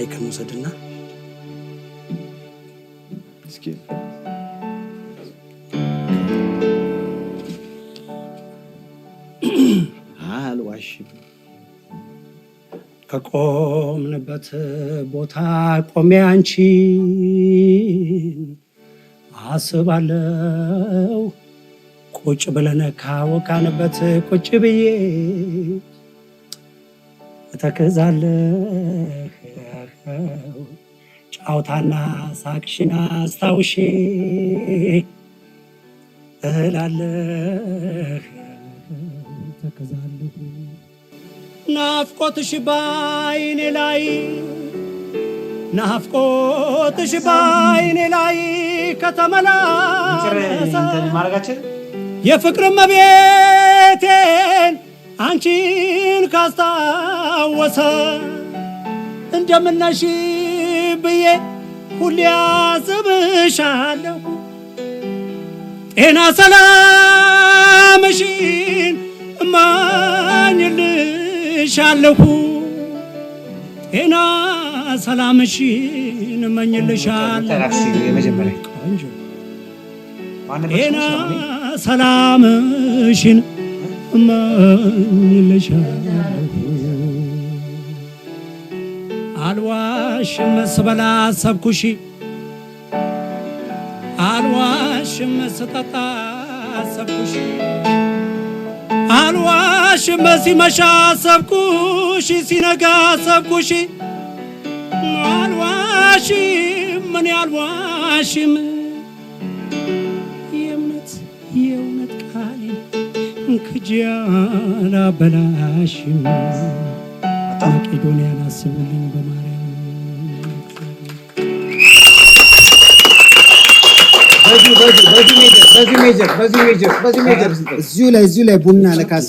ማይክን ውሰድና እስኪ አልዋሽም ከቆምንበት ቦታ ቆሜ አንቺን አስባለው ቁጭ ብለን ካወቃንበት ቁጭ ብዬ እተክዛለህ ጫውታና ሳቅሽን አስታውሼ እላለህ ተከዛለሁ ናፍቆትሽ ባይኔ ላይ ናፍቆትሽ ባይኔ ላይ ከተመላለሰ የፍቅር መቤቴን አንቺን ካስታወሰ እንደምነሽ ብዬ ሁሌ አስብሻለሁ። ጤና ሰላምሽን እመኝልሻለሁ። ጤና ሰላምሽን እመኝልሻለሁ። ጤና ሰላምሽን እመኝልሻለሁ። አልዋሽም ስበላ ሰብኩሺ አልዋሽም ስጠጣ ሰብኩሺ አልዋሽም ሲመሻ ሰብኩሺ ሲነጋ ሰብኩሺ አልዋሽም እኔ አልዋሽም የእምነት የእውነት ቃሌ ክጃ በላሽም መቄዶንያን አስቡልኝ በማርያም እዚሁ ላይ እዚሁ ላይ ቡና ለካስዬ